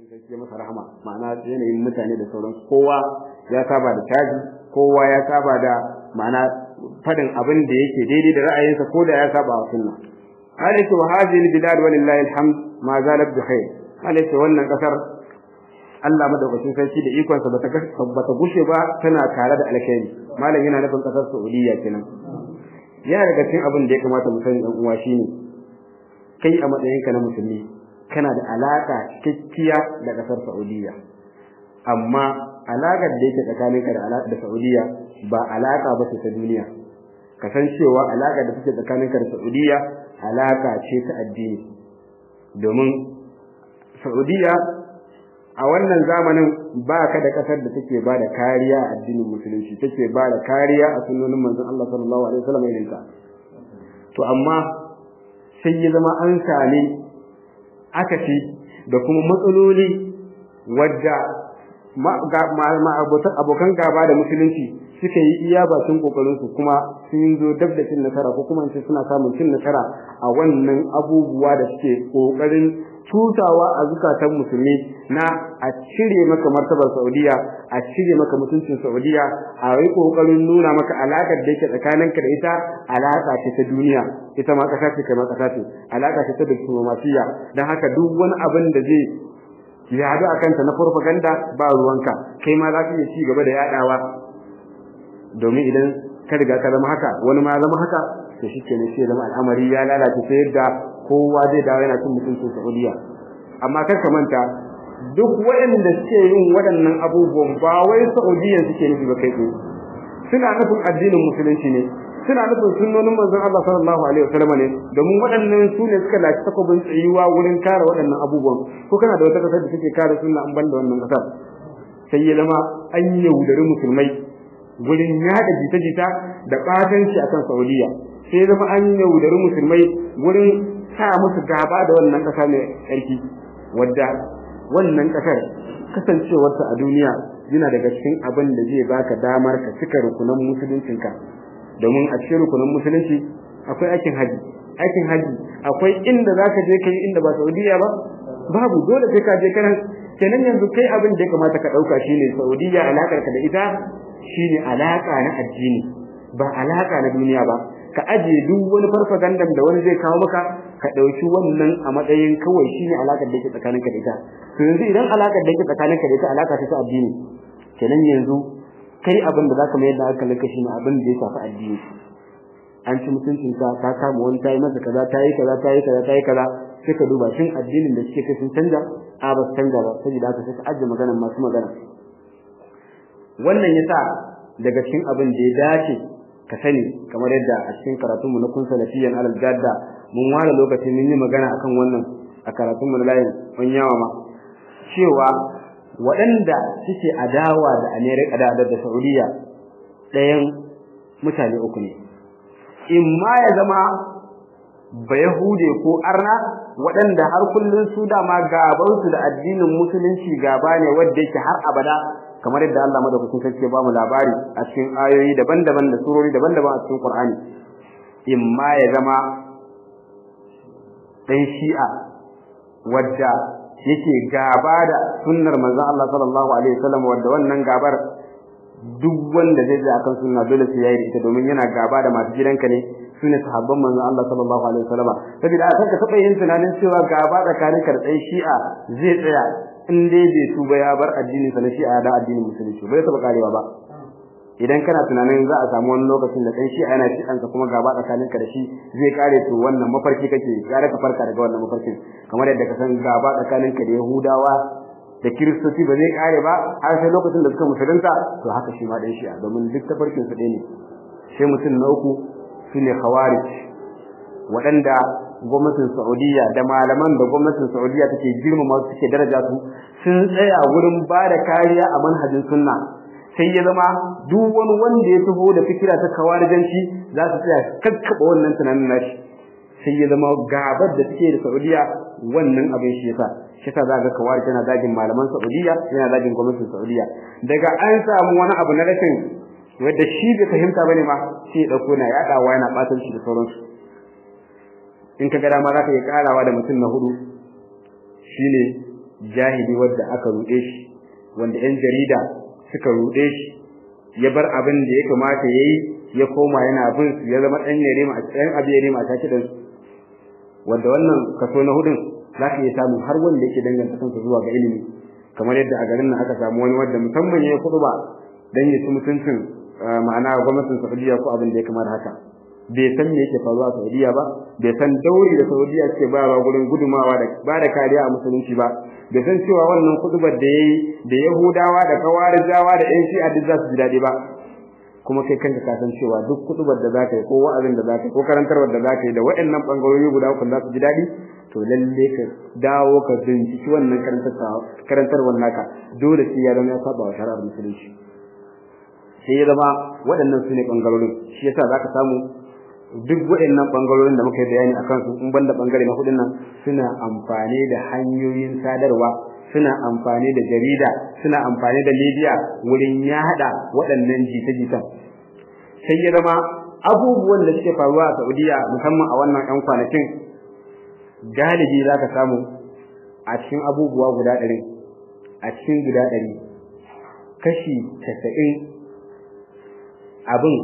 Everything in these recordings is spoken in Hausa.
madaukakin sarki masa rahama ma'ana yanayin mutane da sauran kowa ya saba da caji kowa ya saba da ma'ana fadin abin da yake daidai da ra'ayinsa ko da ya saba wa sunna alaihi wa hadhihi bilad walillahi alhamd ma zalat bi khair alaihi wannan kasar Allah madaukakin sarki da ikonsa bata bata gushe ba tana tare da alkhairi malam yana nufin kasar Saudiya kenan yana daga cikin abin da ya kamata mu sani dan uwa shine kai a matsayinka na musulmi kana da alaka cikakkiya da kasar Saudiya amma alakar da yake tsakaninka da alaka da Saudiya ba alaka ba ce ta duniya cewa alaka da take tsakaninka da Saudiya alaka ce ta addini domin Saudiya a wannan zamanin ba ka da kasar da take ba da kariya a addinin musulunci take ba da kariya a sunnonin manzon Allah sallallahu alaihi wasallam irin to amma sai ya zama an sami akasi da kuma matsaloli wadda abokan gaba da musulunci suka yi iya bakin kokarin su kuma sun zo dab da cin nasara ko kuma suna samun cin nasara a wannan abubuwa da suke kokarin tutawa a zukatan musulmi na a cire maka martabar Saudiya a cire maka mutuncin Saudiya a yi kokarin nuna maka alakar da yake tsakaninka da ita alaka ce ta duniya ita ma kasa ce kai kasa ce alaka ce ta diplomasiya dan haka duk wani abin da zai yadu a kanta na farfaganda ba ruwanka kai ma za ka iya ci gaba da yadawa domin idan ka riga ka zama haka wani ma zama haka to shi ke sai zama al'amari ya lalace sai yadda kowa zai dawo yana cin mutuncin Saudiya amma kar ka manta duk waɗanda suke yin waɗannan abubuwan ba wai Saudiya suke nufi ba kai suna nufin addinin musulunci ne suna nufin sunnonin manzon Allah sallallahu alaihi wasallam ne domin waɗannan su ne suka lafi takobin tsayuwa wurin kare waɗannan abubuwan ko kana da wata kasar da take kare sunna an banda wannan kasar sai ya zama an yaudari musulmai gurin yada jita-jita da batanci akan Saudiya sai zama an yaudari musulmai gurin sa musu gaba da wannan kasa mai tsarki wadda wannan kasar kasancewarsa a duniya yana daga cikin abin da zai baka damar ka cika rukunan musuluncinka domin a cikin rukunan musulunci akwai aikin haji aikin haji akwai inda zaka je kai inda ba Saudiya ba babu dole sai ka je karan kenan yanzu kai abin da ya kamata ka ɗauka shine saudiya alakarka ka da ita shine alaka na addini ba alaka na duniya ba ka ajiye duk wani farfaganda da wani zai kawo maka ka ɗauki wannan a matsayin kawai shine alakar da yake tsakaninka da ita to yanzu idan alakar da yake tsakaninka da ita alaka ta addini kenan yanzu kai abin da zaka mayar da hankalin ka shine abin da ya shafi addini an ci mutuncin ka ka kama wani tayi masa kaza tayi kaza tayi kaza tayi kaza suka duba shin addinin da suke kai sun canja a ba su canja ba saboda haka suka ajje ajiye maganar masu magana wannan yasa daga cikin abin da ya dace ka sani kamar yadda a cikin karatunmu na kun salafiyan alal gadda mun ware lokacin mun yi magana akan wannan a karatunmu na layin mun yawa ma cewa waɗanda suke adawa da Amerika da da Saudiya ɗayan mutane uku ne in ma ya zama ba Yahude ko arna waɗanda har kullun su dama gabansu da addinin musulunci gaba ne wanda yake har abada kamar yadda Allah madaukakin sarki ba mu labari a cikin ayoyi daban-daban da surori daban-daban a cikin Qur'ani imma ya zama dan shi'a wadda yake gaba da sunnar manzon Allah sallallahu alaihi wasallam wadda wannan gabar duk wanda zai ji akan sunna dole sai yayi ita domin yana gaba da masu gidanka ne sune sahabban manzon Allah sallallahu alaihi wasallam saboda a aka saba yin tunanin cewa gaba ba ka da ɗan shi'a zai tsaya in dai bai tuba ya bar addini sa na shi'a da addinin musulunci bai taba karewa ba idan kana tunanin za a samu wani lokacin da ɗan shi'a yana shi'ansa kuma gaba tsakanin ka da shi zai kare to wannan mafarki kake ya raka farka daga wannan mafarkin kamar yadda ka san gaba tsakanin ka da Yahudawa da kiristoci ba zai kare ba har sai lokacin da suka musulunta to haka shi ma ɗan shi'a domin duk tafarkin su ɗaya ne sai mutum na uku su ne khawarij waɗanda gwamnatin Saudiya da malaman da gwamnatin Sa'udiyya take girmama su take daraja su sun tsaya wurin ba da kariya a manhajin sunna sai ya zama duk wani wanda ya taho da fikira ta kawarijanci za su tsaya kakkaba wannan tunanin nashi sai ya zama gabar da suke da Sa'udiyya wannan abin shi yasa shi ka zaka kawarij yana zagin malaman Saudiya yana zagin gwamnatin Saudiya daga an samu wani abu na rashin wanda shi bai fahimta bane ma sai ya dauko na wa yana shi da sauransu in ka ga dama za ka yi karawa da mutum na hudu shine jahili wanda aka rude shi wanda yan jarida suka rude shi ya bar abin da ya kamata yayi ya koma yana bin su ya zama ɗan yare ma ɗan abin yare ma ta wanda wannan kaso na hudun za ka iya samu har wanda yake danganta kansa zuwa ga ilimi kamar yadda a garin nan aka samu wani wanda musamman ya kudu ba dan ya ci mutuncin Eh, ma'ana gwamnatin Saudiya ko abin da ya kamar haka bai san me yake faruwa a Saudiya ba bai san dauri da Saudiya ke bayarwa gurin gudumawa da ba da kariya a musulunci ba bai san cewa wannan kudubar da yayi da Yahudawa da Kawarijawa da ƴan Shi'a duk za su ji daɗi ba kuma kai kanka ka san cewa duk kudubar da zaka yi ko wa'azin da zaka yi ko karantarwar da zaka yi da waɗannan bangarori guda uku za su ji daɗi to lalle ka dawo ka binciki wannan karantarwar naka dole sai ya zama ya saba wa shari'ar musulunci sai ya zama waɗannan su ne ɓangarorin shi yasa za ka samu duk waɗannan ɓangarorin da muka yi bayani a kansu in banda ɓangare na hudun nan suna amfani da hanyoyin sadarwa suna amfani da jarida suna amfani da media wurin haɗa waɗannan jita-jitan sai ya zama abubuwan da suke faruwa a Saudiya musamman a wannan 'yan kwanakin galibi za ka samu a cikin abubuwa guda ɗari a cikin guda ɗari kashi casa'in abin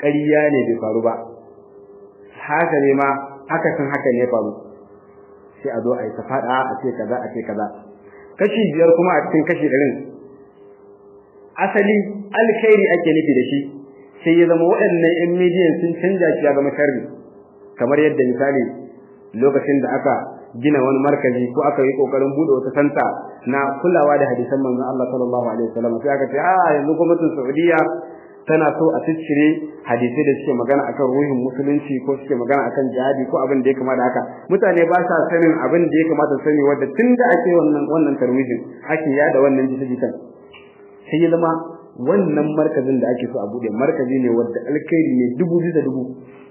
ƙarya ne bai faru ba haka ne ma haka san haka ne faru sai a zo a yi ta faɗa a ce kaza a ce kaza kashi biyar kuma a cikin kashi ɗarin asali alkhairi ake nufi da shi sai ya zama waɗannan 'yan midiyan sun canja shi ya zama sharri kamar yadda misali lokacin da aka gina wani markazi ko aka yi kokarin buɗe wata santa na kulawa da hadisan manzon Allah sallallahu alaihi wasallam sai aka ce a ah, yanzu gwamnatin Saudiya tana so a ciccire hadisai da suke magana akan ruhin musulunci ko suke magana akan jihadi ko abin da ya kamata haka mutane ba sa sanin abin da ya kamata sani wanda tun da ake wannan wannan tarwijin ake yada wannan jita-jitan sai zama wannan markazin da ake so a bude markazi ne wanda alkhairi ne dubu bisa dubu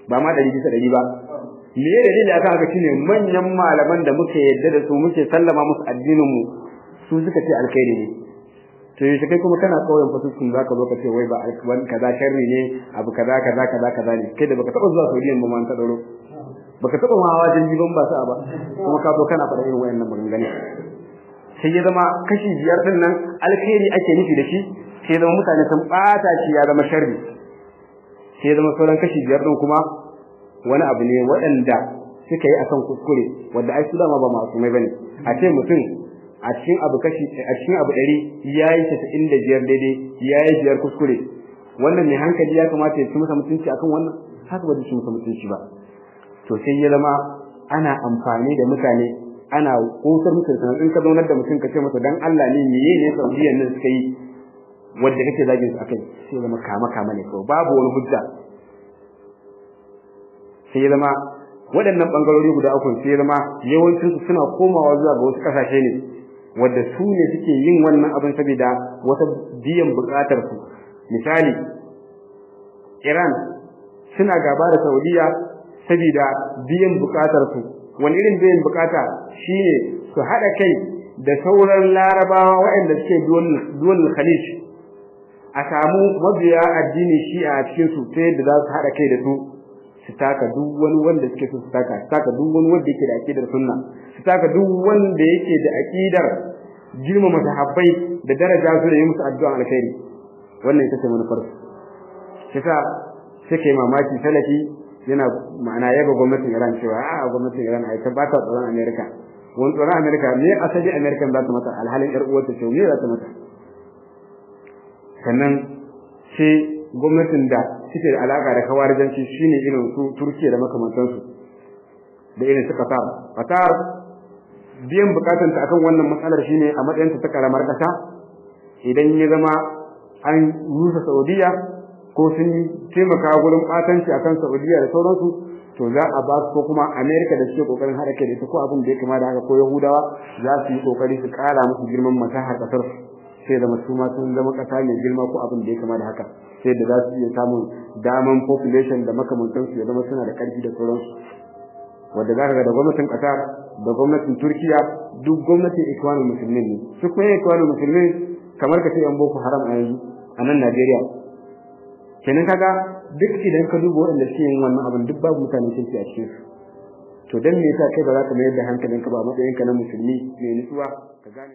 ba ma ɗari bisa ɗari ba me ya dalili akan haka shine manyan malaman da muke yadda da su muke sallama musu addinin mu su suka ce alkhairi ne to yaushe kai kuma kana kauyen fasuskun za ka zo ka ce wai ba wani kaza sharri ne abu kaza kaza kaza kaza ne kai da baka taɓa zuwa saudiyan ba ma ta ɗauro baka taɓa ma wajen jirgi ba sa'a ba kuma ka zo kana faɗa irin wayannan maganganu sai ya zama kashi biyar din nan alkhairi ake nufi da shi sai zama mutane sun ɓata shi ya zama sharri sai zama sauran kashi biyar din kuma wani abu ne waɗanda suka yi akan kuskure wanda ai su dama ba masu mai bane a ce mutum a cikin abu kashi a cikin abu ɗari ya yi casa'in da biyar daidai ya yi biyar kuskure wannan mai hankali ya kamata ya ci masa mutunci akan wannan haka ba zai ci masa mutunci ba to sai ya zama ana amfani da mutane ana kosar musu sanar in ka zaunar da mutum ka ce masa dan Allah ne meye ne saudiyan nan suka yi wanda kake zagin su akai sai zama kama kama ne kawai babu wani hujja sai ya zama waɗannan ɓangarori guda uku sai ya zama yawancinsu suna komawa zuwa ga wasu ƙasashe ne wanda su ne suke yin wannan abin saboda wata biyan bukatar su misali Iran suna gaba da Saudiya saboda biyan bukatar su wani irin biyan bukata shine su hada kai da sauran larabawa waɗanda suke duwan khalij a samu mabiya addini shi a cikin su ta yadda za su hada kai da su su taka duk wani wanda suke su taka su taka duk wani wanda yake da akidar sunna saka duk wanda yake da aqidar girmama sahabbai da daraja su da yi musu addu'a alkhairi wannan ita ce manufar kisa take mamaki talafi yana ma'ana yaba gwamnatin Iran cewa a gwamnatin Iran ai ta ba ta America wani tsaron America me asali America za ta mata alhalin yar ta ce me za ta mata sannan ce gwamnatin da suke da alaka da kawarijanci shine irin su Turkiya da makamantansu da irin su Qatar Qatar biyan bukatanta akan wannan matsalar shine a matsayin ta karamar kasa idan ya zama an rusa Saudiya ko sun taimaka gurin batanci akan Saudiya da sauransu to za a ba su ko kuma Amerika da suke kokarin hada da ita ko abin da ya kama da haka ko Yahudawa za su yi kokari su kara musu girman matahar kasar sai da su ma sun zama kasa mai girma ko abin da ya kama da haka sai da za su iya samun daman population da makamantansu ya zama suna da karfi da sauransu wanda ka ga da gwamnatin ƙasa da gwamnatin Turkiya duk gwamnatin Ikhwanul musulmi ne su kuma Ikhwanul musulmi kamar ka ce yan Boko Haram a yanzu a nan Najeriya kenan kaga duk idan ka duba waɗanda suke yin wannan abin duk babu sun fi a cikin su to don me yasa kai ba za ka mayar da hankalinka ba matsayinka na musulmi mai nutsuwa ka gane